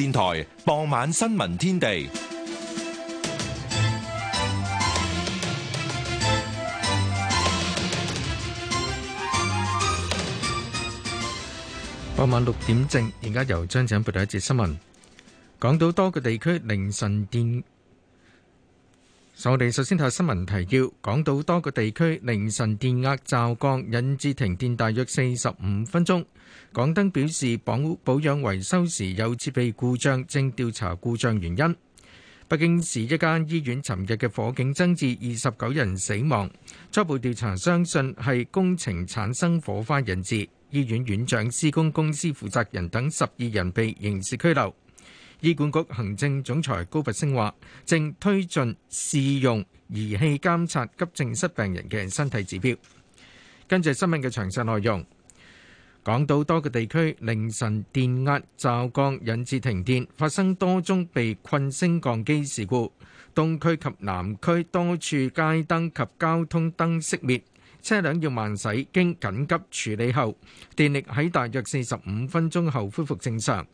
電台傍晚新聞天地，傍晚六點正，而家由張展報道一節新聞。港島多個地區凌晨電。我哋首先睇新聞提要。港島多個地區凌晨電壓驟降，引致停電大約四十五分鐘，港燈表示，保保養維修時有設備故障，正調查故障原因。北京市一間醫院尋日嘅火警增至二十九人死亡，初步調查相信係工程產生火花引致。醫院院長、施工公司負責人等十二人被刑事拘留。醫管局行政總裁高拔升話，正推進試用儀器監察急症室病人嘅身體指標。跟住新聞嘅詳細內容，港島多個地區凌晨電壓驟降，引致停電，發生多宗被困升降機事故。東區及南區多處街燈及交通燈熄滅，車輛要慢駛。經緊急處理後，電力喺大約四十五分鐘後恢復正常。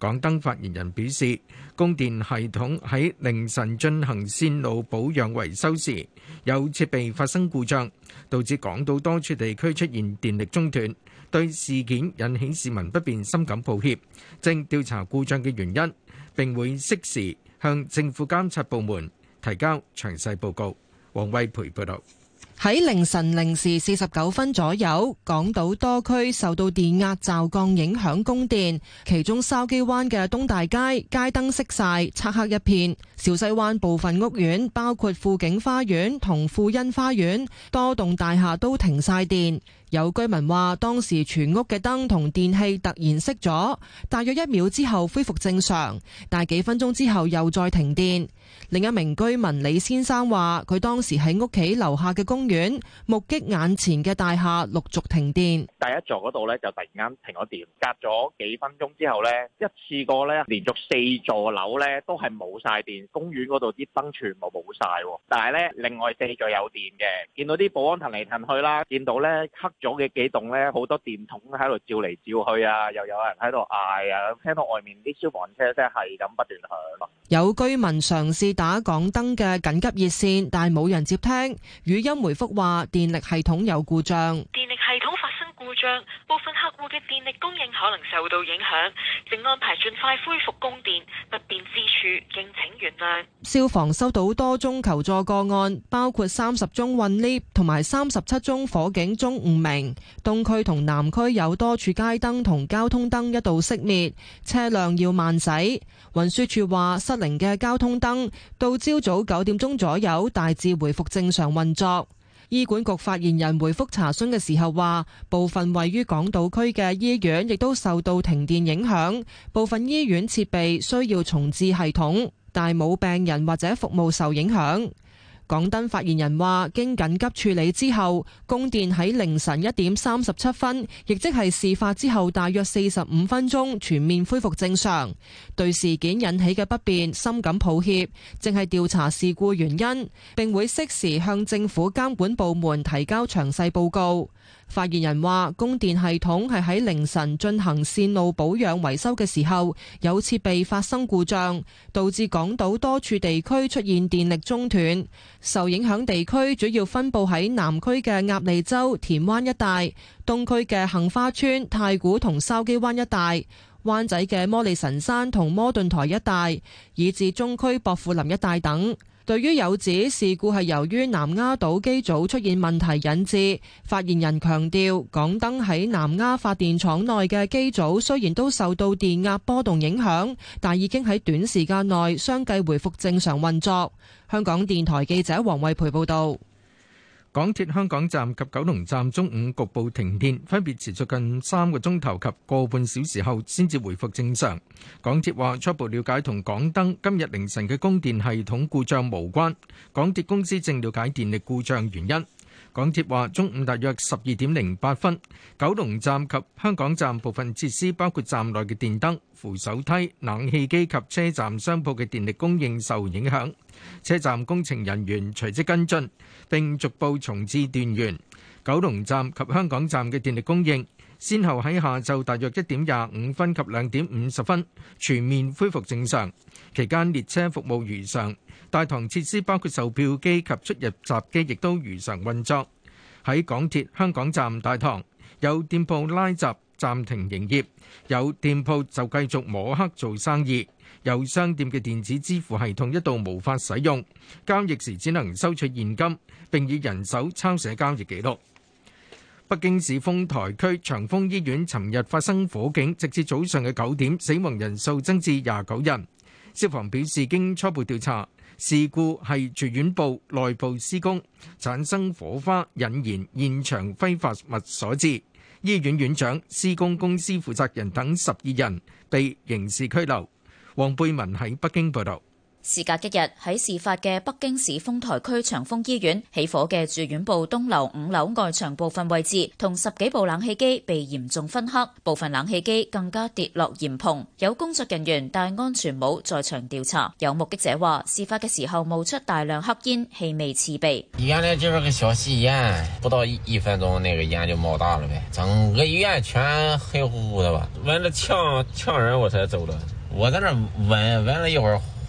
港燈發言人表示，供電系統喺凌晨進行線路保養維修時，有設備發生故障，導致港島多處地區出現電力中斷，對事件引起市民不便深感抱歉，正調查故障嘅原因，並會適時向政府監察部門提交詳細報告。王衛培報導。喺凌晨零時四十九分左右，港島多區受到電壓驟降影響供電，其中筲箕灣嘅東大街街燈熄晒，漆黑一片；小西灣部分屋苑，包括富景花園同富欣花園多棟大廈都停晒電。有居民話，當時全屋嘅燈同電器突然熄咗，大約一秒之後恢復正常，但係幾分鐘之後又再停電。另一名居民李先生話，佢當時喺屋企樓下嘅公園，目擊眼前嘅大廈陸續停電。第一座嗰度咧就突然間停咗電，隔咗幾分鐘之後咧，一次過咧連續四座樓咧都係冇晒電，公園嗰度啲燈全部冇晒，但係咧另外四座有電嘅，見到啲保安騰嚟騰去啦，見到咧黑左嘅幾棟咧，好多電筒喺度照嚟照去啊，又有人喺度嗌啊，聽到外面啲消防車聲係咁不斷響。有居民嘗試打港燈嘅緊急熱線，但係冇人接聽，語音回覆話電力系統有故障。電力系統。故障，部分客戶嘅電力供應可能受到影響，正安排盡快恢復供電，不便之處敬請原諒。消防收到多宗求助個案，包括三十宗困 𨋢 同埋三十七宗火警鐘誤鳴。東區同南區有多處街燈同交通燈一度熄滅，車輛要慢駛。運輸處話失靈嘅交通燈到朝早九點鐘左右大致回復正常運作。醫管局發言人回覆查詢嘅時候話，部分位於港島區嘅醫院亦都受到停電影響，部分醫院設備需要重置系統，但冇病人或者服務受影響。港燈發言人話，經緊急處理之後，供電喺凌晨一點三十七分，亦即係事發之後大約四十五分鐘，全面恢復正常。對事件引起嘅不便，深感抱歉，正係調查事故原因，並會適時向政府監管部門提交詳細報告。發言人話，供電系統係喺凌晨進行線路保養維修嘅時候，有設備發生故障，導致港島多處地區出現電力中斷。受影響地區主要分佈喺南區嘅鴨脷洲、田灣一帶，東區嘅杏花邨、太古同筲箕灣一帶，灣仔嘅摩利臣山同摩頓台一帶，以至中區薄扶林一帶等。對於有指事故係由於南丫島機組出現問題引致，發言人強調，港燈喺南丫發電廠內嘅機組雖然都受到電壓波動影響，但已經喺短時間內相繼回復正常運作。香港電台記者黃慧培報道。港鐵香港站及九龍站中午局部停電，分別持續近三個鐘頭及個半小時後先至恢復正常。港鐵話，初步了解同港燈今日凌晨嘅供電系統故障無關，港鐵公司正了解電力故障原因。港鐵話：中午大約十二點零八分，九龍站及香港站部分設施，包括站內嘅電燈、扶手梯、冷氣機及車站商鋪嘅電力供應受影響。車站工程人員隨即跟進，並逐步重置電源。九龍站及香港站嘅電力供應先後喺下晝大約一點廿五分及兩點五十分全面恢復正常。期間列車服務如常，大堂設施包括售票機及出入閘機，亦都如常運作。喺港鐵香港站大堂有店鋪拉閘暫停營業，有店鋪就繼續摸黑做生意。有商店嘅電子支付系統一度無法使用，交易時只能收取現金並以人手抄寫交易記錄。北京市豐台區長峰醫院尋日發生火警，直至早上嘅九點，死亡人數增至廿九人。消防表示，經初步調查，事故係住院部內部施工產生火花引燃現場揮發物所致。醫院院長，施工公司負責人等十二人被刑事拘留。黃貝文喺北京報道。事隔一日，喺事發嘅北京市豐台區長峰醫院起火嘅住院部東樓五樓外牆部分位置，同十幾部冷氣機被嚴重燻黑，部分冷氣機更加跌落檐篷。有工作人員戴安全帽在場調查。有目擊者話，事發嘅時候冒出大量黑煙，氣味刺鼻。原來就是個小細煙，不到一一分鐘，那個煙就冒大了唄，整個醫院全黑乎乎的吧，聞了嗆嗆人，我才走的。我在那聞聞了一會兒。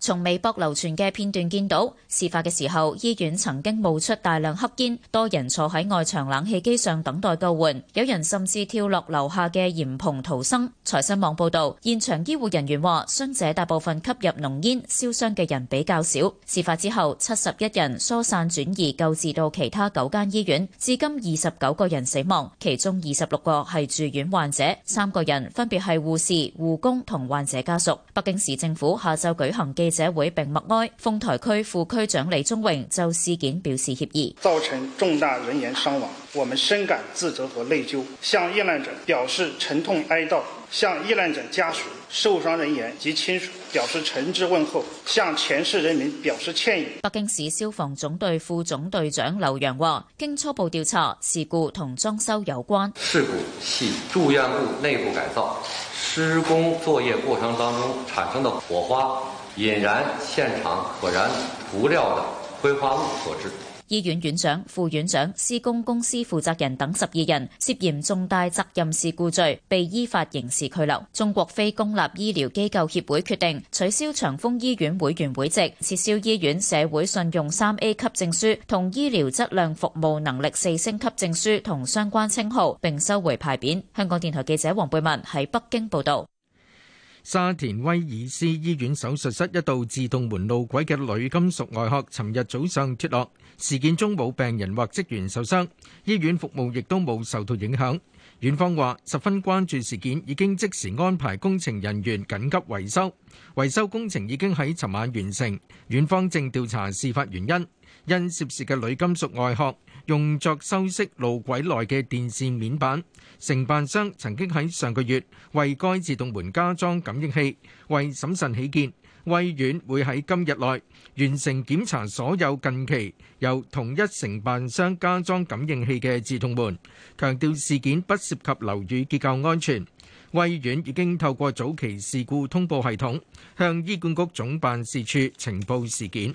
從微博流傳嘅片段見到，事發嘅時候醫院曾經冒出大量黑煙，多人坐喺外牆冷氣機上等待救援，有人甚至跳落樓下嘅簷篷逃生。財新網報導，現場醫護人員話，傷者大部分吸入濃煙，燒傷嘅人比較少。事發之後，七十一人疏散轉移救治到其他九間醫院，至今二十九個人死亡，其中二十六個係住院患者，三個人分別係護士、護工同患者家屬。北京市政府下晝舉行記者會並默哀，豐台區副區長李忠榮就事件表示歉意。造成重大人員傷亡，我們深感自責和內疚，向遇難者表示沉痛哀悼，向遇難者家屬、受傷人員及親屬表示誠摯問候，向全市人民表示歉意。北京市消防總隊副總隊長劉洋話：經初步調查，事故同裝修有關。是故事故係住院部內部改造施工作，作業過程當中產生的火花。引燃現場可燃塗料的揮發物所致。醫院院長、副院長、施工公，公司負責人等十二人涉嫌重大責任事故罪，被依法刑事拘留。中國非公立醫療機構協會決定取消長峰醫院會員會籍，撤銷醫院社會信用三 A 級證書同醫療質量服務能力四星級證書同相關稱號，並收回牌匾。香港電台記者黃貝文喺北京報道。沙田威爾斯醫院手術室一度自動門路軌嘅鋁金屬外殼，尋日早上脫落。事件中冇病人或職員受傷，醫院服務亦都冇受到影響。院方話十分關注事件，已經即時安排工程人員緊急維修，維修工程已經喺尋晚完成。院方正調查事發原因，因涉事嘅鋁金屬外殼。用作修飾路軌內嘅電線面板。承辦商曾經喺上個月為該自動門加裝感應器。為審慎起見，衛院會喺今日內完成檢查所有近期由同一承辦商加裝感應器嘅自動門，強調事件不涉及樓宇結構安全。衛院已經透過早期事故通報系統向醫管局總辦事處呈報事件。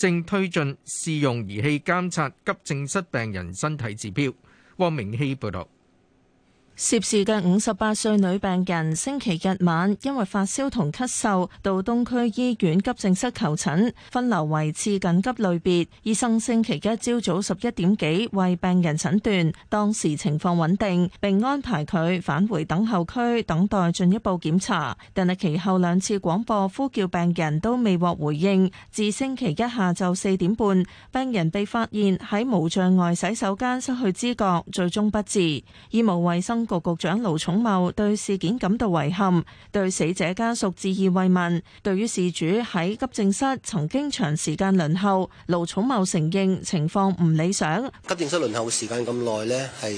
正推進試用儀器監察急症室病人身體指標。汪明希報導。涉事嘅五十八歲女病人，星期日晚因為發燒同咳嗽，到東區醫院急症室求診，分流為次緊急類別。醫生星期一朝早十一點幾為病人診斷，當時情況穩定，並安排佢返回等候區等待進一步檢查。但係其後兩次廣播呼叫病人都未獲回應，至星期一下晝四點半，病人被發現喺無障礙洗手間失去知覺，最終不治。醫務衛生，局局長盧寵茂對事件感到遺憾，對死者家屬致意慰問。對於事主喺急症室曾經長時間輪候，盧寵茂承認情況唔理想。急症室輪候時間咁耐呢，係誒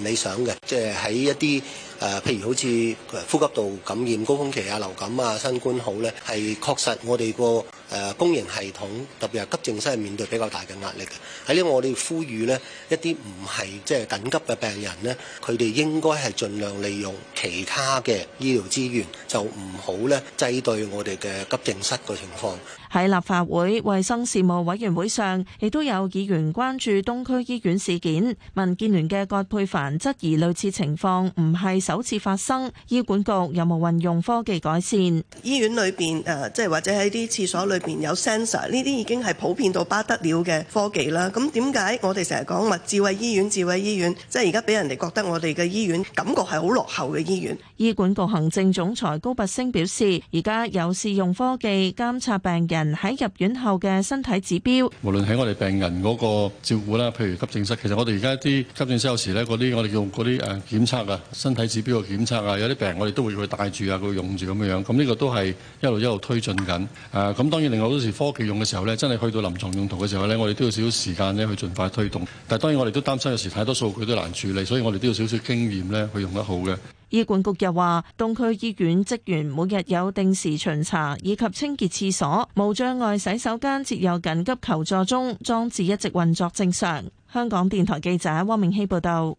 唔理想嘅。即係喺一啲誒、呃，譬如好似呼吸道感染、高峰期啊、流感啊、新冠好呢，係確實我哋個誒公營系統，特別係急症室係面對比較大嘅壓力嘅。喺呢，我哋呼籲呢，一啲唔係即係緊急嘅病人呢，佢哋應。應該係盡量利用其他嘅醫療資源，就唔好咧制對我哋嘅急症室嘅情況。喺立法會衛生事務委員會上，亦都有議員關注東區醫院事件。民建聯嘅葛珮帆質疑類似情況唔係首次發生，醫管局有冇運用科技改善？醫院裏邊，誒，即係或者喺啲廁所裏邊有 sensor，呢啲已經係普遍到不得了嘅科技啦。咁點解我哋成日講話智慧醫院、智慧醫院，即係而家俾人哋覺得我哋嘅醫院感覺係好落後嘅醫院？醫管局行政總裁高拔升表示，而家有試用科技監察病人。人喺入院後嘅身體指標，無論喺我哋病人嗰個照顧啦，譬如急症室，其實我哋而家啲急症室有時咧，嗰啲我哋叫嗰啲誒檢測啊，身體指標嘅檢測啊，有啲病我哋都會去帶住啊，去用住咁樣樣，咁呢個都係一路一路推進緊。誒、啊，咁當然，另外好多時科技用嘅時候咧，真係去到臨床用途嘅時候咧，我哋都要有少少時間咧去盡快推動。但係當然，我哋都擔心有時太多數據都難處理，所以我哋都要少少經驗咧去用得好嘅。醫管局又話，東區醫院職員每日有定時巡查以及清潔廁所，無障礙洗手間設有緊急求助鐘裝置，一直運作正常。香港電台記者汪明熙報道。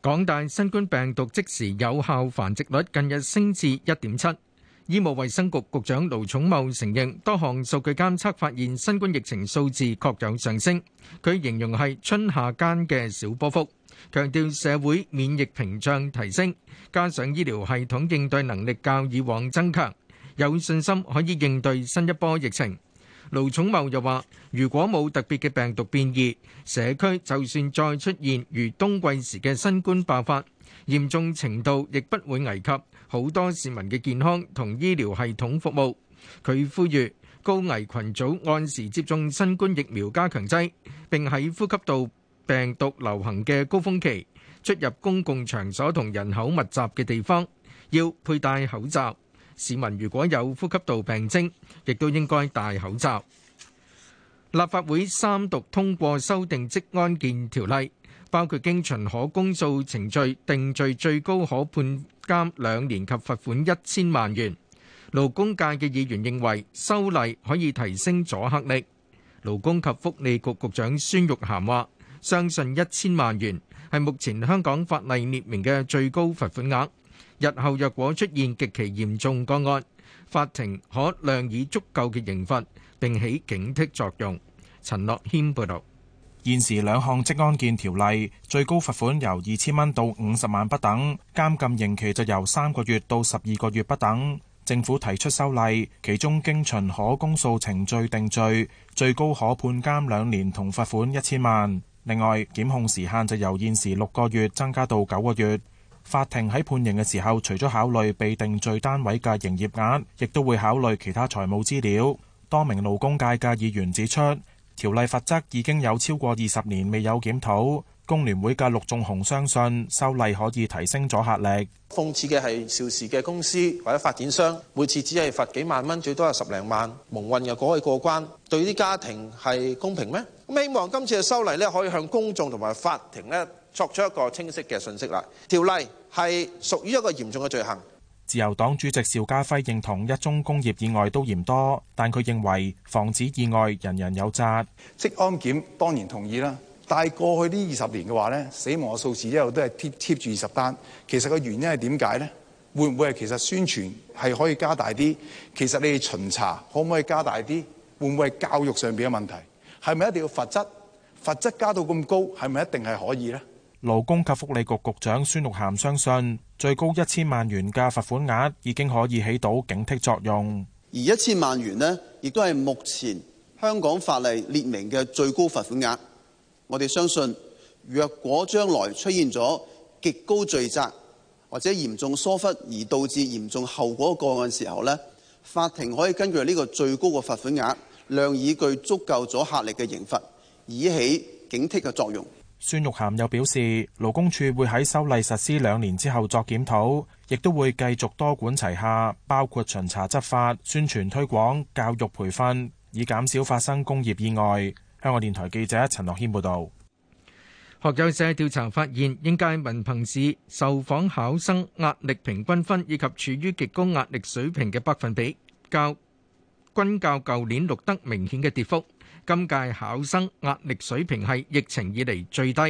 港大新冠病毒即時有效繁殖率近日升至一點七。醫務衛生局局長盧寵茂承認，多項數據監測發現，新冠疫情數字確有上升。佢形容係春夏間嘅小波幅，強調社會免疫屏障提升，加上醫療系統應對能力較以往增強，有信心可以應對新一波疫情。盧寵茂又話，如果冇特別嘅病毒變異，社區就算再出現如冬季時嘅新冠爆發，嚴重程度亦不會危及。好多市民嘅健康同醫療系統服務，佢呼籲高危群組按時接種新冠疫苗加強劑，並喺呼吸道病毒流行嘅高峰期出入公共場所同人口密集嘅地方要佩戴口罩。市民如果有呼吸道病徵，亦都應該戴口罩。立法會三讀通過修訂職安健條例，包括經循可公訴程序定罪，最高可判監兩年及罰款一千萬元，勞工界嘅議員認為修例可以提升阻嚇力。勞工及福利局局長孫玉涵話：相信一千萬元係目前香港法例列明嘅最高罰款額。日後若果出現極其嚴重個案，法庭可量以足夠嘅刑罰，並起警惕作用。陳樂謙報道。現時兩項職安健條例最高罰款由二千蚊到五十萬不等，監禁刑期就由三個月到十二個月不等。政府提出修例，其中經循可公訴程序定罪，最高可判監兩年同罰款一千萬。另外，檢控時限就由現時六個月增加到九個月。法庭喺判刑嘅時候，除咗考慮被定罪單位嘅營業額，亦都會考慮其他財務資料。多名勞工界嘅議員指出。條例罰則已經有超過二十年未有檢討，工聯會嘅陸仲雄相信修例可以提升咗阻嚇力。諷刺嘅係肇事嘅公司或者發展商，每次只係罰幾萬蚊，最多係十零萬，蒙混又可以過關，對啲家庭係公平咩？希望今次嘅修例咧可以向公眾同埋法庭咧作出一個清晰嘅信息啦。條例係屬於一個嚴重嘅罪行。自由黨主席邵家輝認同一宗工業意外都嫌多，但佢認為防止意外人人有責。職安檢當然同意啦，但係過去呢二十年嘅話咧，死亡嘅數字一路都係貼住二十單。其實個原因係點解呢？會唔會係其實宣傳係可以加大啲？其實你哋巡查可唔可以加大啲？會唔會係教育上邊嘅問題？係咪一定要罰則？罰則加到咁高，係咪一定係可以呢？勞工及福利局局，局長孫玉菡相信。最高一千萬元嘅罰款額已經可以起到警惕作用，而一千萬元呢，亦都係目前香港法例列明嘅最高罰款額。我哋相信，若果將來出現咗極高罪責或者嚴重疏忽而導致嚴重後果嘅個案的時候呢，法庭可以根據呢個最高嘅罰款額，量以具足夠阻嚇力嘅刑罰，以起警惕嘅作用。孫玉菡又表示，勞工處會喺修例實施兩年之後作檢討，亦都會繼續多管齊下，包括巡查執法、宣傳推廣、教育培訓，以減少發生工業意外。香港電台記者陳樂謙報道。學友社調查發現，應屆文憑試受訪考生壓力平均分以及處於極高壓力水平嘅百分比，較均較舊年錄得明顯嘅跌幅。今屆考生壓力水平係疫情以嚟最低。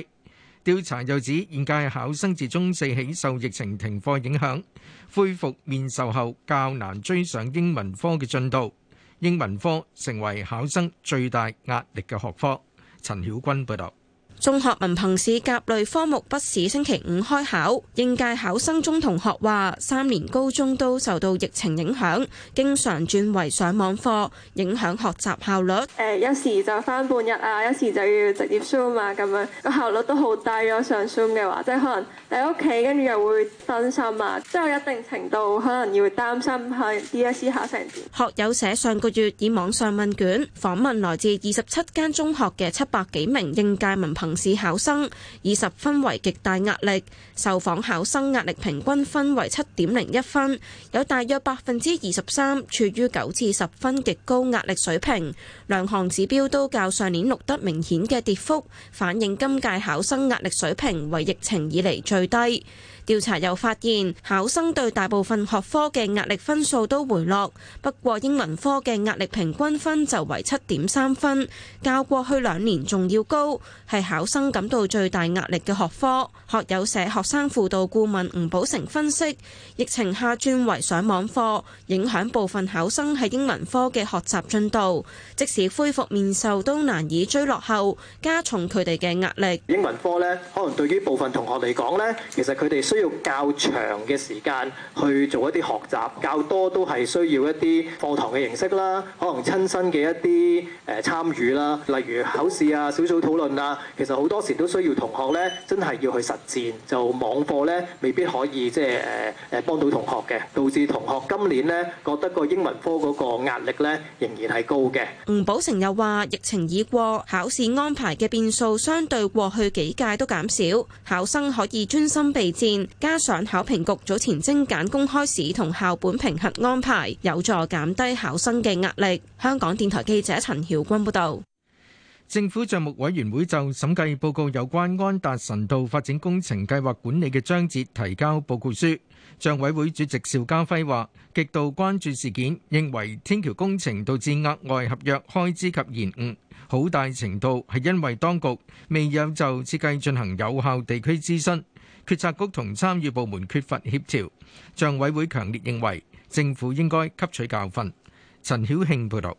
調查又指，現屆考生自中四起受疫情停課影響，恢復面授後較難追上英文科嘅進度，英文科成為考生最大壓力嘅學科。陳曉君報道。中學文憑試甲類科目筆試星期五開考，應屆考生中同學話：三年高中都受到疫情影響，經常轉為上網課，影響學習效率。誒、欸，一時就返半日啊，一時就要直接 zoom 啊，咁樣個效率都好低。咗上 zoom 嘅話，即係可能喺屋企跟住又會分心啊，即係一定程度可能要擔心喺 DSE 考成點？學友社上個月以網上問卷訪問來自二十七間中學嘅七百幾名應屆文憑。同市考生以十分為極大壓力，受訪考生壓力平均分為七點零一分，有大約百分之二十三處於九至十分極高壓力水平，兩項指標都較上年錄得明顯嘅跌幅，反映今屆考生壓力水平為疫情以嚟最低。調查又發現，考生對大部分學科嘅壓力分數都回落，不過英文科嘅壓力平均分就為七點三分，較過去兩年仲要高，係考生感到最大壓力嘅學科。學友社學生輔導顧問吳寶成分析，疫情下轉為上網課，影響部分考生喺英文科嘅學習進度，即使恢復面授都難以追落後，加重佢哋嘅壓力。英文科呢，可能對於部分同學嚟講呢，其實佢哋需需要較長嘅時間去做一啲學習，較多都係需要一啲課堂嘅形式啦，可能親身嘅一啲誒參與啦，例如考試啊、小組討論啊。其實好多時都需要同學咧，真係要去實踐，就網課咧未必可以即係誒誒幫到同學嘅，導致同學今年咧覺得個英文科嗰個壓力咧仍然係高嘅。吳寶成又話：疫情已過，考試安排嘅變數相對過去幾屆都減少，考生可以專心備戰。加上考評局早前精簡公開試同校本評核安排，有助減低考生嘅壓力。香港電台記者陳曉君報道。政府賬目委員會就審計報告有關安達臣道發展工程計劃管理嘅章節提交報告書。賬委會主席邵家輝話，極度關注事件，認為天橋工程導致額外合約開支及延誤，好大程度係因為當局未有就設計進行有效地區諮詢。決策局同參與部門缺乏協調，帳委會強烈認為政府應該吸取教訓。陳曉慶報導。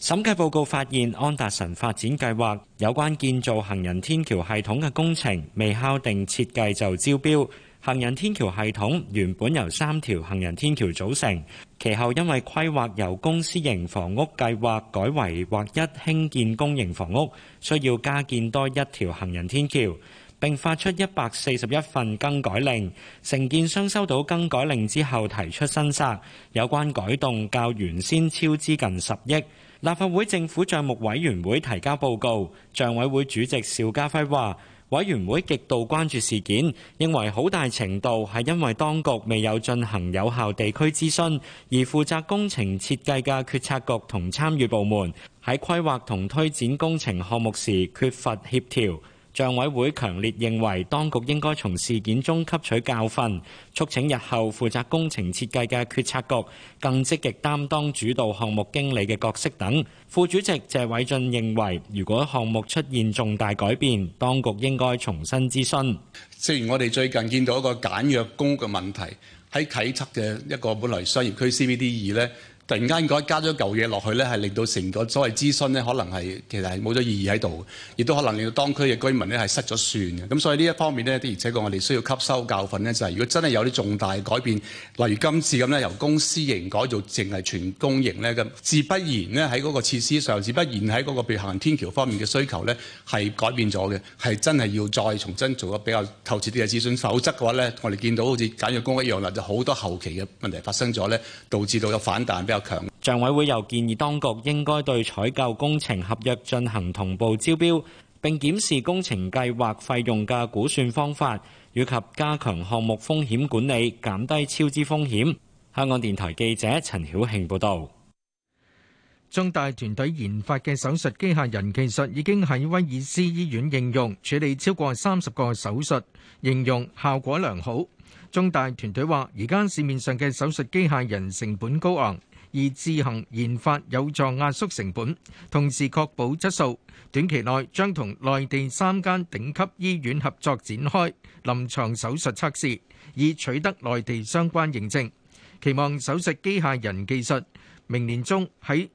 審計報告發現安達臣發展計劃有關建造行人天橋系統嘅工程未敲定設計就招標。行人天橋系統原本由三條行人天橋組成，其後因為規劃由公私營房屋計劃改為或一興建公營房屋，需要加建多一條行人天橋，並發出一百四十一份更改令，承建商收到更改令之後提出申索，有關改動較原先超支近十億。立法會政府帳目委員會提交報告，帳委會主席邵家輝話，委員會極度關注事件，認為好大程度係因為當局未有進行有效地區諮詢，而負責工程設計嘅決策局同參與部門喺規劃同推展工程項目時缺乏協調。帳委會強烈認為，當局應該從事件中吸取教訓，促請日後負責工程設計嘅決策局更積極擔當主導項目經理嘅角色等。副主席謝偉俊認為，如果項目出現重大改變，當局應該重新諮詢。雖然我哋最近見到一個簡約工嘅問題喺啟測嘅一個本來商業區 CBD 二咧。突然間嗰加咗舊嘢落去咧，係令到成個所謂諮詢咧，可能係其實係冇咗意義喺度，亦都可能令到當區嘅居民咧係失咗算嘅。咁所以呢一方面咧，的而且確我哋需要吸收教訓咧，就係、是、如果真係有啲重大改變，例如今次咁咧，由公私營改造淨係全公營咧咁，自不然咧喺嗰個設施上，自不然喺嗰、那個譬如行人天橋方面嘅需求咧係改變咗嘅，係真係要再重新做一個比較透徹啲嘅諮詢，否則嘅話咧，我哋見到好似簡約公一樣啦，就好多後期嘅問題發生咗咧，導致到有反彈。強，委會又建議當局應該對採購工程合約進行同步招標，並檢視工程計劃費用嘅估算方法，以及加強項目風險管理，減低超支風險。香港電台記者陳曉慶報道：「中大團隊研發嘅手術機械人技術已經喺威爾斯醫院應用，處理超過三十個手術，應用效果良好。中大團隊話：而家市面上嘅手術機械人成本高昂。而自行研發有助壓縮成本，同時確保質素。短期內將同內地三間頂級醫院合作，展開臨床手術測試，以取得內地相關認證。期望手術機械人技術明年中喺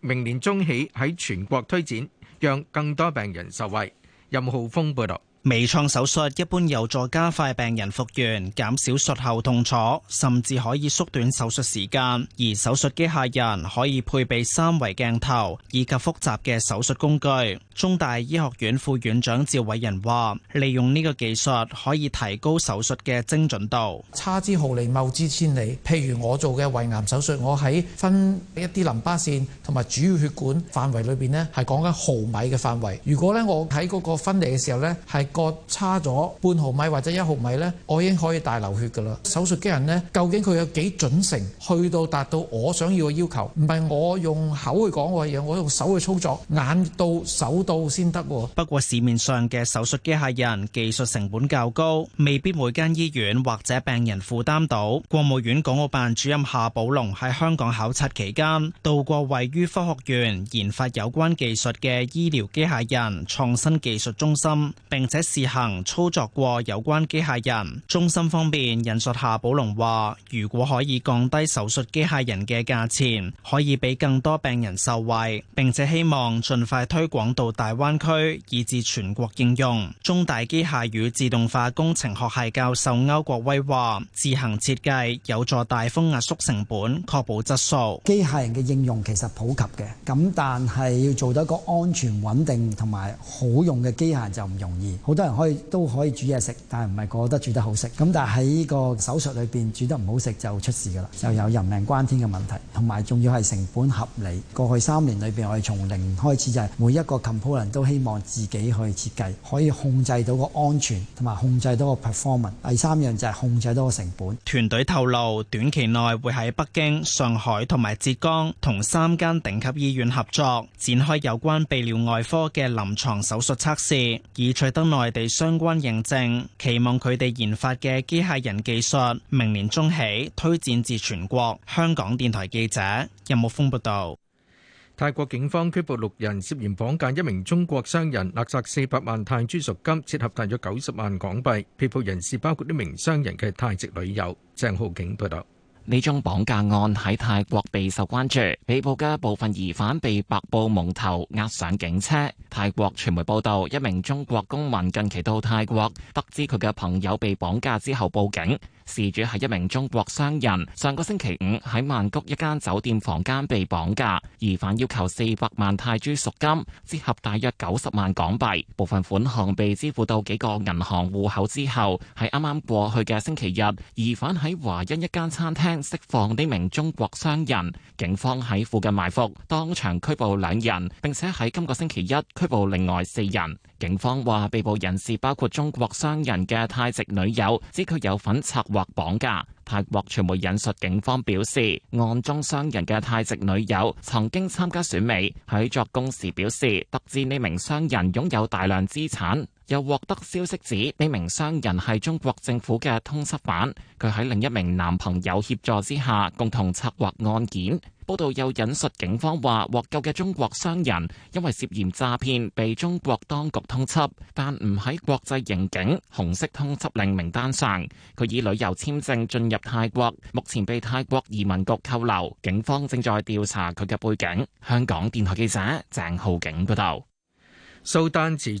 明年中起喺全國推展，讓更多病人受惠。任浩峯報導。微創手術一般有助加快病人復原，減少術後痛楚，甚至可以縮短手術時間。而手術機械人可以配備三維鏡頭以及複雜嘅手術工具。中大醫學院副院長趙偉仁話，利用呢個技術可以提高手術嘅精準度。差之毫釐，謬之千里。譬如我做嘅胃癌手術，我喺分一啲淋巴腺同埋主要血管範圍裏邊呢係講緊毫米嘅範圍。如果呢，我喺嗰個分離嘅時候呢係。個差咗半毫米或者一毫米呢，我已經可以大流血噶啦。手術機人呢，究竟佢有幾準成？去到達到我想要嘅要求，唔係我用口去講我嘅嘢，我用手去操作，眼到手到先得。不過市面上嘅手術機械人技術成本較高，未必每間醫院或者病人負擔到。國務院港澳辦主任夏寶龍喺香港考察期間，到過位於科學園研發有關技術嘅醫療機械人創新技術中心，並且。試行操作過有關機械人，中心方面，引述夏寶龍話：如果可以降低手術機械人嘅價錢，可以俾更多病人受惠，並且希望盡快推廣到大灣區以至全國應用。中大機械與自動化工程學系教授歐國威話：自行設計有助大幅壓縮成本，確保質素。機械人嘅應用其實普及嘅，咁但係要做到一個安全、穩定同埋好用嘅機械人就唔容易。好多人可以都可以煮嘢食，但係唔係覺得煮得好食。咁但係喺個手術裏邊煮得唔好食就出事噶啦，就有人命關天嘅問題，同埋仲要係成本合理。過去三年裏邊我哋從零開始就係每一個 Component 都希望自己去設計，可以控制到個安全同埋控制到個 performance。第三樣就係控制到個成本。團隊透露，短期內會喺北京、上海同埋浙江同三間頂級醫院合作，展開有關泌尿外科嘅臨床手術測試，以取得。內地相關認證，期望佢哋研發嘅機械人技術明年中起推展至全國。香港電台記者任木峰報道。有有泰國警方拘捕六人涉嫌綁架一名中國商人，勒索四百萬泰銖贖金，折合大約九十萬港幣。被捕人士包括呢名商人嘅泰籍女友。鄭浩景報道。呢宗綁架案喺泰國備受關注，被捕嘅部分疑犯被白布蒙頭押上警車。泰國傳媒報道，一名中國公民近期到泰國，得知佢嘅朋友被綁架之後報警。事主係一名中國商人，上個星期五喺曼谷一間酒店房間被綁架，疑犯要求四百萬泰銖贖金，折合大約九十萬港幣。部分款項被支付到幾個銀行戶口之後，喺啱啱過去嘅星期日，疑犯喺華欣一間餐廳釋放呢名中國商人，警方喺附近埋伏，當場拘捕兩人，並且喺今個星期一拘捕另外四人。警方話被捕人士包括中國商人嘅泰籍女友，指佢有份策或綁架泰國傳媒引述警方表示，案中商人嘅泰籍女友曾經參加選美。喺作供時表示，得知呢名商人擁有大量資產，又獲得消息指呢名商人係中國政府嘅通緝犯。佢喺另一名男朋友協助之下，共同策劃案件。報道又引述警方話，獲救嘅中國商人，因為涉嫌詐騙被中國當局通緝，但唔喺國際刑警紅色通緝令名單上。佢以旅遊簽證進入泰國，目前被泰國移民局扣留，警方正在調查佢嘅背景。香港電台記者鄭浩景報道。蘇丹治。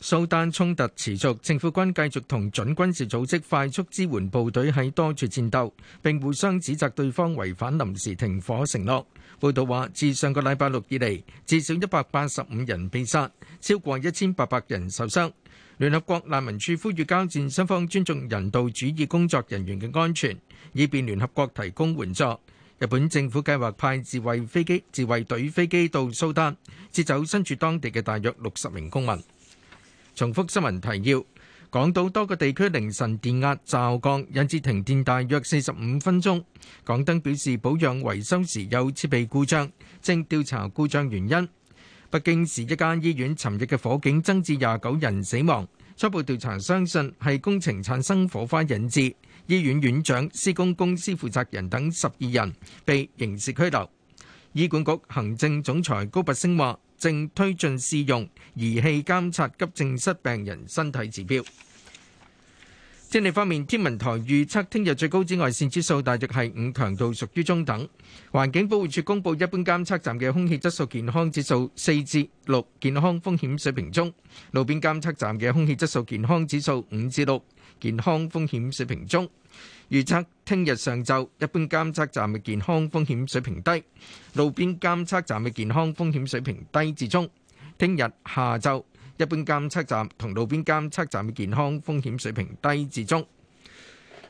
蘇丹衝突持續，政府軍繼續同準軍事組織快速支援部隊喺多處戰鬥，並互相指責對方違反臨時停火承諾。報道話，自上個禮拜六以嚟，至少一百八十五人被殺，超過一千八百人受傷。聯合國難民署呼籲交戰雙方尊重人道主義工作人員嘅安全，以便聯合國提供援助。日本政府計劃派自衛飛機、自衛隊飛機到蘇丹接走身處當地嘅大約六十名公民。重複新聞提要：港島多個地區凌晨電壓驟降，引致停電大約四十五分鐘。港燈表示，保養維修時有設備故障，正調查故障原因。北京市一間醫院尋日嘅火警增至廿九人死亡，初步調查相信係工程產生火花引致。醫院院長、施工公司負責人等十二人被刑事拘留。醫管局行政總裁高拔昇話，正推進試用儀器監察急症室病人身體指標。天氣方面，天文台預測聽日最高紫外線指數大約係五強度，屬於中等。環境保護署公布一般監測站嘅空氣質素健康指數四至六，6，健康風險水平中；路邊監測站嘅空氣質素健康指數五至六。健康風險水平中，預測聽日上晝一般監測站嘅健康風險水平低，路邊監測站嘅健康風險水平低至中。聽日下晝一般監測站同路邊監測站嘅健康風險水平低至中。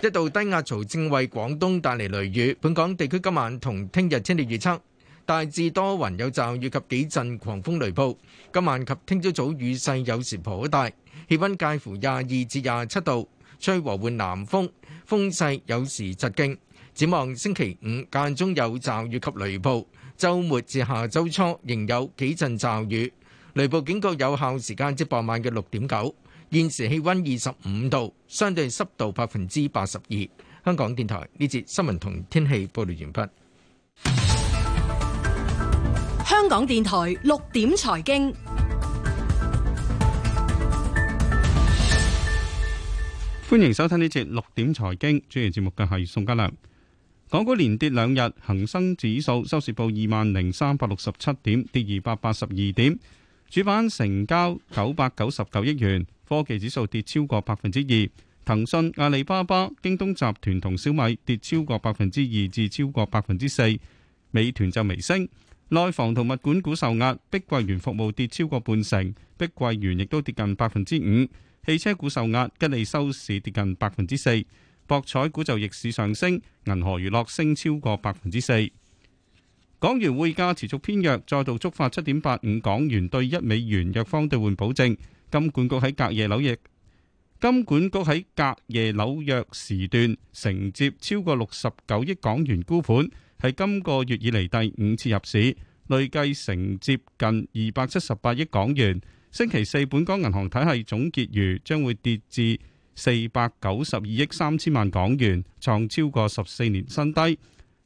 一道低壓槽正為廣東帶嚟雷雨，本港地區今晚同聽日天氣預測。大致多雲有驟雨及幾陣狂風雷暴，今晚及聽朝早，早雨勢有時頗大，氣温介乎廿二至廿七度，吹和緩南風，風勢有時疾勁。展望星期五間中有驟雨及雷暴，周末至下周初仍有幾陣驟雨，雷暴警告有效時間至傍晚嘅六點九。現時氣温二十五度，相對濕度百分之八十二。香港電台呢節新聞同天氣報道完畢。香港電台六點財經，歡迎收聽呢節六點財經。主持節目嘅係宋嘉良。港股連跌兩日，恒生指數收市報二萬零三百六十七點，跌二百八十二點，主板成交九百九十九億元。科技指數跌超過百分之二，騰訊、阿里巴巴、京東集團同小米跌超過百分之二至超過百分之四，美團就微升。內房同物管股受壓，碧桂園服務跌超過半成，碧桂園亦都跌近百分之五。汽車股受壓，吉利收市跌近百分之四。博彩股就逆市上升，銀河娛樂升超過百分之四。港元匯價持續偏弱，再度觸發七點八五港元兌一美元弱方兌換保證。金管局喺隔夜紐約。金管局喺隔夜紐約時段承接超過六十九億港元沽盤，係今個月以嚟第五次入市，累計承接近二百七十八億港元。星期四本港銀行體系總結餘將會跌至四百九十二億三千萬港元，創超過十四年新低。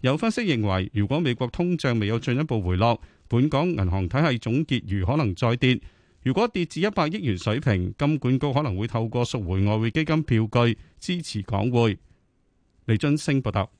有分析認為，如果美國通脹未有進一步回落，本港銀行體系總結餘可能再跌。如果跌至一百億元水平，金管局可能會透過贖回外匯基金票據支持港匯。李津升報道，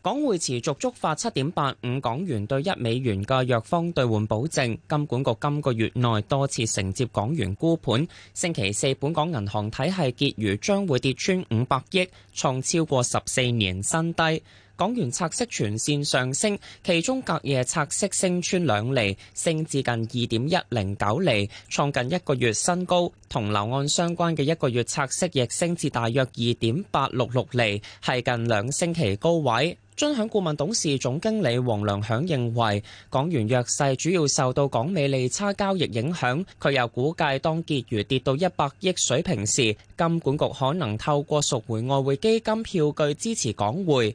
港匯持續觸發七點八五港元對一美元嘅弱方兌換保證，金管局今個月內多次承接港元沽盤。星期四本港銀行體系結餘將會跌穿五百億，創超過十四年新低。港元拆息全線上升，其中隔夜拆息升穿兩厘，升至近二點一零九厘，創近一個月新高。同樓按相關嘅一個月拆息亦升至大約二點八六六厘，係近兩星期高位。尊享顧問董事總經理黃良享認為，港元弱勢主要受到港美利差交易影響。佢又估計當結餘跌到一百億水平時，金管局可能透過贖回外匯基金票據支持港匯。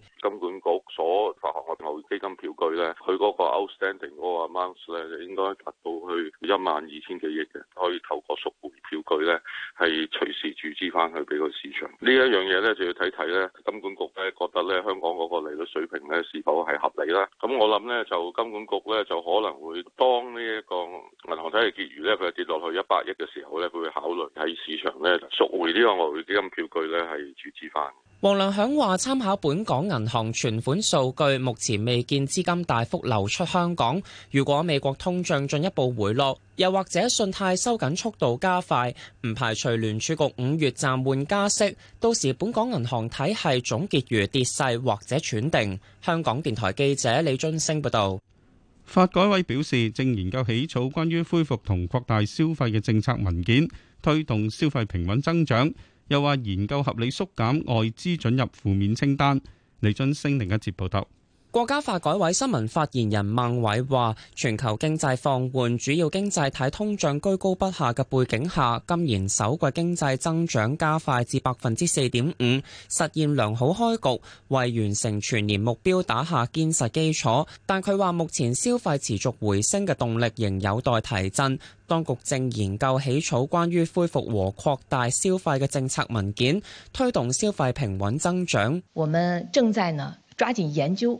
佢嗰個 outstanding 嗰個 amount 咧，就應該達到去一萬二千幾億嘅，可以透過贖回票據咧，係隨時注資翻去俾個市場。呢一樣嘢咧就要睇睇咧，金管局咧覺得咧香港嗰個利率水平咧是否係合理啦。咁我諗咧就金管局咧就可能會當呢一個銀行體系結餘咧佢係跌落去一百億嘅時候咧，佢會考慮喺市場咧贖回呢個外匯基金票據咧係注資翻。黃良響話，參考本港銀行存款數據，目前未見資金大幅流出香港。如果美國通脹進一步回落，又或者信貸收緊速度加快，唔排除聯儲局五月暫緩加息。到時本港銀行體系總結如跌勢或者喘定。香港電台記者李津升報道。發改委表示，正研究起草關於恢復同擴大消費嘅政策文件，推動消費平穩增長。又話研究合理縮減外資准入負面清單。李津升另一節報道。國家發改委新聞發言人孟偉話，全球經濟放緩、主要經濟體通脹居高不下嘅背景下，今年首季經濟增長加快至百分之四點五，實現良好開局，為完成全年目標打下堅實基礎。但佢話目前消費持續回升嘅動力仍有待提振，當局正研究起草關於恢復和擴大消費嘅政策文件，推動消費平穩增長。我們正在呢抓緊研究。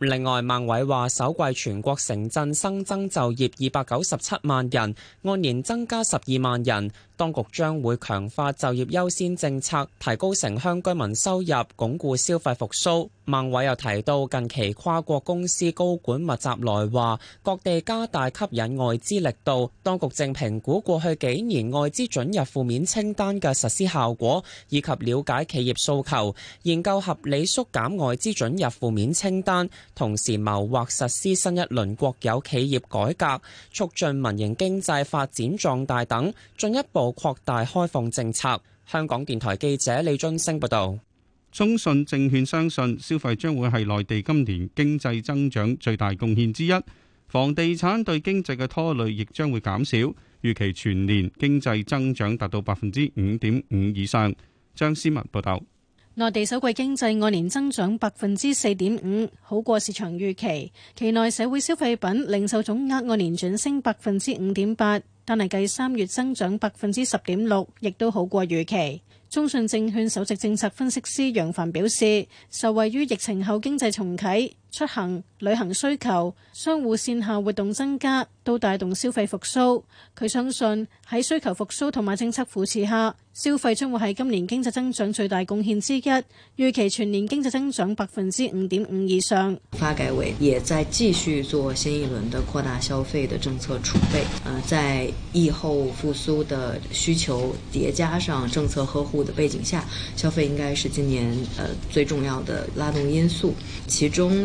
另外，孟偉話，首季全國城鎮新增就業二百九十七萬人，按年增加十二萬人。當局將會強化就業優先政策，提高城鄉居民收入，鞏固消費復甦。孟偉又提到，近期跨國公司高管密集來華，各地加大吸引外資力度。當局正評估過去幾年外資准入負面清單嘅實施效果，以及了解企業訴求，研究合理縮減外資准入負面清單，同時謀劃實施新一輪國有企業改革，促進民營經濟發展壯大等，進一步擴大開放政策。香港電台記者李俊升報道。中信證券相信消費將會係內地今年經濟增長最大貢獻之一，房地產對經濟嘅拖累亦將會減少，預期全年經濟增長達到百分之五點五以上。張思文報道。內地首季經濟按年增長百分之四點五，好過市場預期。期內社會消費品零售總額按年轉升百分之五點八。但係計三月增長百分之十點六，亦都好過預期。中信證券首席政策分析師楊帆表示，受惠於疫情後經濟重啟。出行、旅行需求、商戶線下活動增加都帶動消費復甦。佢相信喺需求復甦同埋政策扶持下，消費將會係今年經濟增長最大貢獻之一。預期全年經濟增長百分之五點五以上。發改委也在繼續做新一輪的擴大消費的政策儲備。呃，在疫後復甦的需求疊加上政策呵護的背景下，消費應該是今年呃最重要的拉動因素，其中。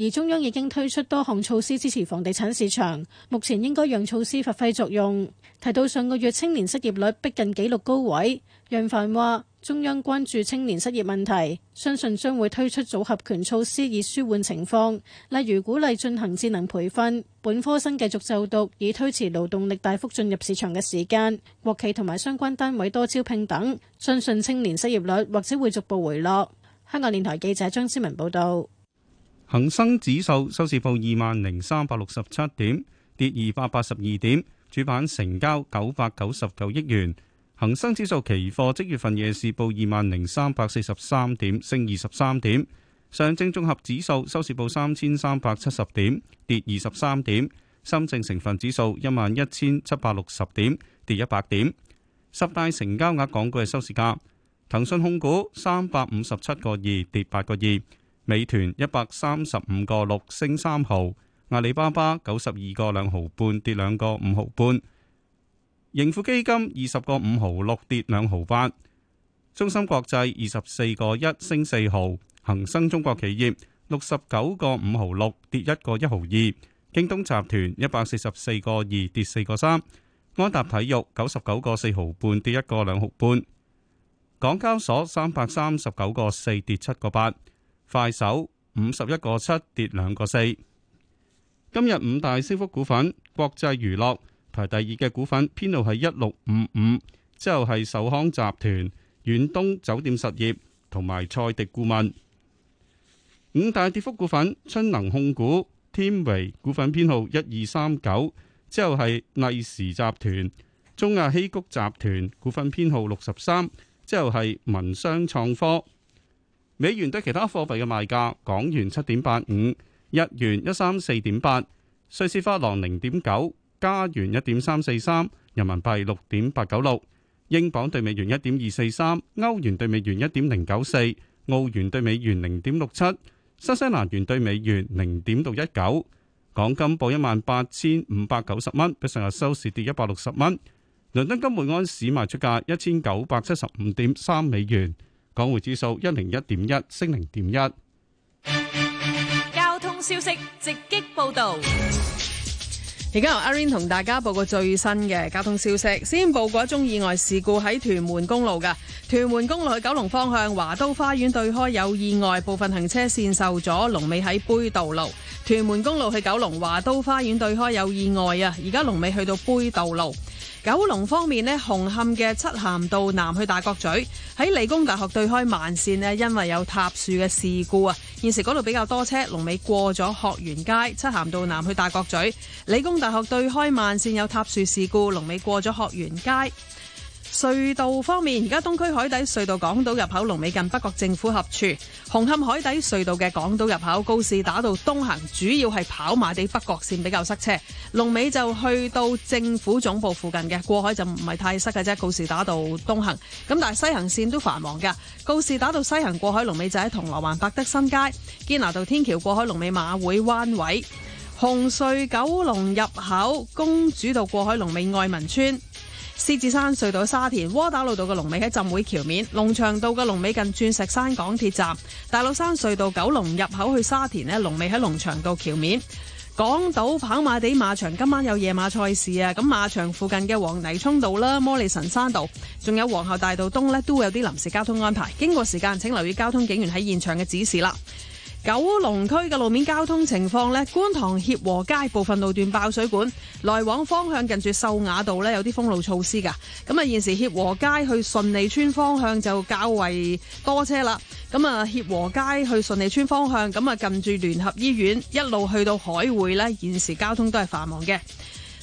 而中央已經推出多項措施支持房地產市場，目前應該讓措施發揮作用。提到上個月青年失業率逼近紀錄高位，楊帆話：中央關注青年失業問題，相信將會推出組合拳措施以舒緩情況，例如鼓勵進行智能培訓、本科生繼續就讀，以推遲勞動力大幅進入市場嘅時間；國企同埋相關單位多招聘等，相信青年失業率或者會逐步回落。香港電台記者張思文報道。恒生指數收市報二萬零三百六十七點，跌二百八十二點，主板成交九百九十九億元。恒生指數期貨即月份夜市報二萬零三百四十三點，升二十三點。上證綜合指數收市報三千三百七十點，跌二十三點。深證成分指數一萬一千七百六十點，跌一百點。十大成交額港股嘅收市價，騰訊控股三百五十七個二，跌八個二。美團一百三十五個六升三毫，阿里巴巴九十二個兩毫半跌兩個五毫半，盈富基金二十個五毫六跌兩毫八，中芯國際二十四個一升四毫，恒生中國企業六十九個五毫六跌一個一毫二，京東集團一百四十四個二跌四個三，安踏體育九十九個四毫半跌一個兩毫半，港交所三百三十九個四跌七個八。快手五十一個七跌兩個四。今日五大升幅股份，國際娛樂排第二嘅股份編號係一六五五，之後係壽康集團、遠東酒店實業同埋賽迪顧問。五大跌幅股份，春能控股、天維股份編號一二三九，之後係利時集團、中亞希谷集團股份編號六十三，之後係民商創科。美元對其他貨幣嘅賣價：港元七點八五，日元一三四點八，瑞士法郎零點九，加元一點三四三，人民幣六點八九六，英鎊對美元一點二四三，歐元對美元一點零九四，澳元對美元零點六七，新西蘭元對美元零點六一九。港金報一萬八千五百九十蚊，比上日收市跌一百六十蚊。倫敦金每安士賣出價一千九百七十五點三美元。港匯指數一零一點一升零點一。交通消息直擊報道，而家由阿 rain 同大家報告最新嘅交通消息。先報過一宗意外事故，喺屯門公路嘅屯門公路去九龍方向華都花園對開有意外，部分行車線受阻，龍尾喺杯渡路。屯門公路去九龍華都花園對開有意外啊！而家龍尾去到杯渡路。九龍方面咧，紅磡嘅漆咸道南去大角咀，喺理工大學對開慢線咧，因為有塌樹嘅事故啊，現時嗰度比較多車。龍尾過咗學園街，漆咸道南去大角咀，理工大學對開慢線有塌樹事故，龍尾過咗學園街。隧道方面，而家東區海底隧道港島入口龍尾近北角政府合處；紅磡海底隧道嘅港島入口告士打道東行，主要係跑馬地北角線比較塞車。龍尾就去到政府總部附近嘅過海就唔係太塞嘅啫。告士打道東行，咁但係西行線都繁忙㗎。告士打道西行過海龍尾就喺銅鑼灣百德新街堅拿道天橋，過海龍尾馬會灣位。紅隧九龍入口公主道過海龍尾愛民村。獅子山隧道沙田窩打老道嘅龍尾喺浸會橋面，龍翔道嘅龍尾近鑽石山港鐵站，大老山隧道九龍入口去沙田咧，龍尾喺龍翔道橋面。港島跑馬地馬場今晚有夜馬賽事啊，咁馬場附近嘅黃泥涌道啦、摩利臣山道，仲有皇后大道東呢，都會有啲臨時交通安排。經過時間，請留意交通警員喺現場嘅指示啦。九龍區嘅路面交通情況呢，觀塘協和街部分路段爆水管，來往方向近住秀雅道呢有啲封路措施㗎。咁啊，現時協和街去順利村方向就較為多車啦。咁啊，協和街去順利村方向，咁啊近住聯合醫院一路去到海匯呢，現時交通都係繁忙嘅。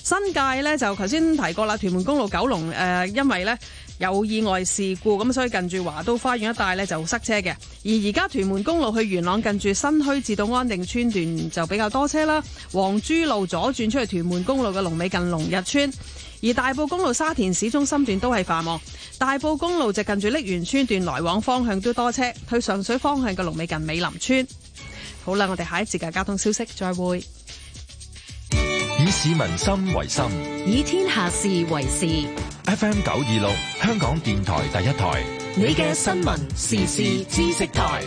新界呢，就頭先提過啦，屯門公路九龍誒、呃，因為呢。有意外事故咁，所以近住華都花園一帶咧就塞車嘅。而而家屯門公路去元朗近住新墟至到安定村段就比較多車啦。黃珠路左轉出去屯門公路嘅龍尾近龍日村，而大埔公路沙田市中心段都係繁忙。大埔公路就近住瀝源村段來往方向都多車，去上水方向嘅龍尾近美林村。好啦，我哋下一節嘅交通消息再會。以市民心為心，以天下事為事。FM 九二六，香港電台第一台，你嘅新聞、時事、知識台。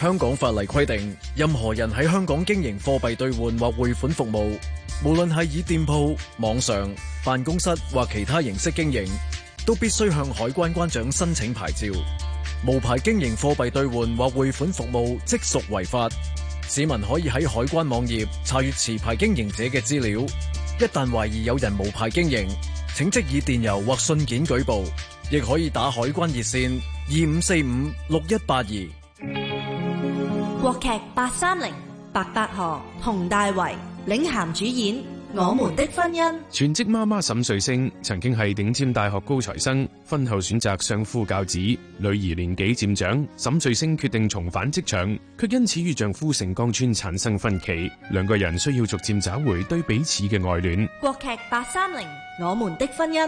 香港法例規定，任何人喺香港經營貨幣兌換或匯款服務，無論係以店鋪、網上、辦公室或其他形式經營，都必須向海關關長申請牌照。無牌經營貨幣兌換或匯款服務，即屬違法。市民可以喺海關網頁查閱持牌經營者嘅資料，一旦懷疑有人無牌經營，請即以電郵或信件舉報，亦可以打海關熱線二五四五六一八二。國劇八三零白百何，洪大為領銜主演。我們的婚姻全職媽媽沈瑞星曾經係頂尖大學高材生，婚後選擇相夫教子，女兒年紀漸長，沈瑞星決定重返職場，卻因此與丈夫盛江川產生分歧。兩個人需要逐漸找回對彼此嘅愛戀。國劇八三零《我們的婚姻》，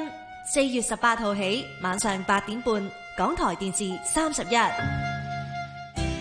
四月十八號起，晚上八點半，港台電視三十一。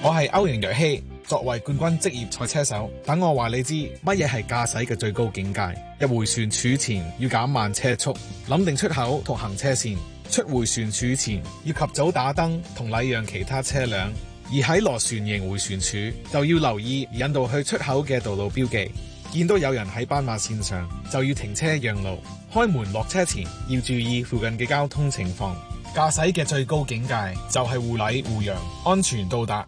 我係歐陽若曦，作為冠軍職業賽車手，等我話你知乜嘢係駕駛嘅最高境界。入回旋處前要減慢車速，諗定出口同行車線；出回旋處前要及早打燈同禮讓其他車輛。而喺螺旋形回旋處就要留意引導去出口嘅道路標記。見到有人喺斑馬線上，就要停車讓路。開門落車前要注意附近嘅交通情況。駕駛嘅最高境界就係互禮互讓，安全到達。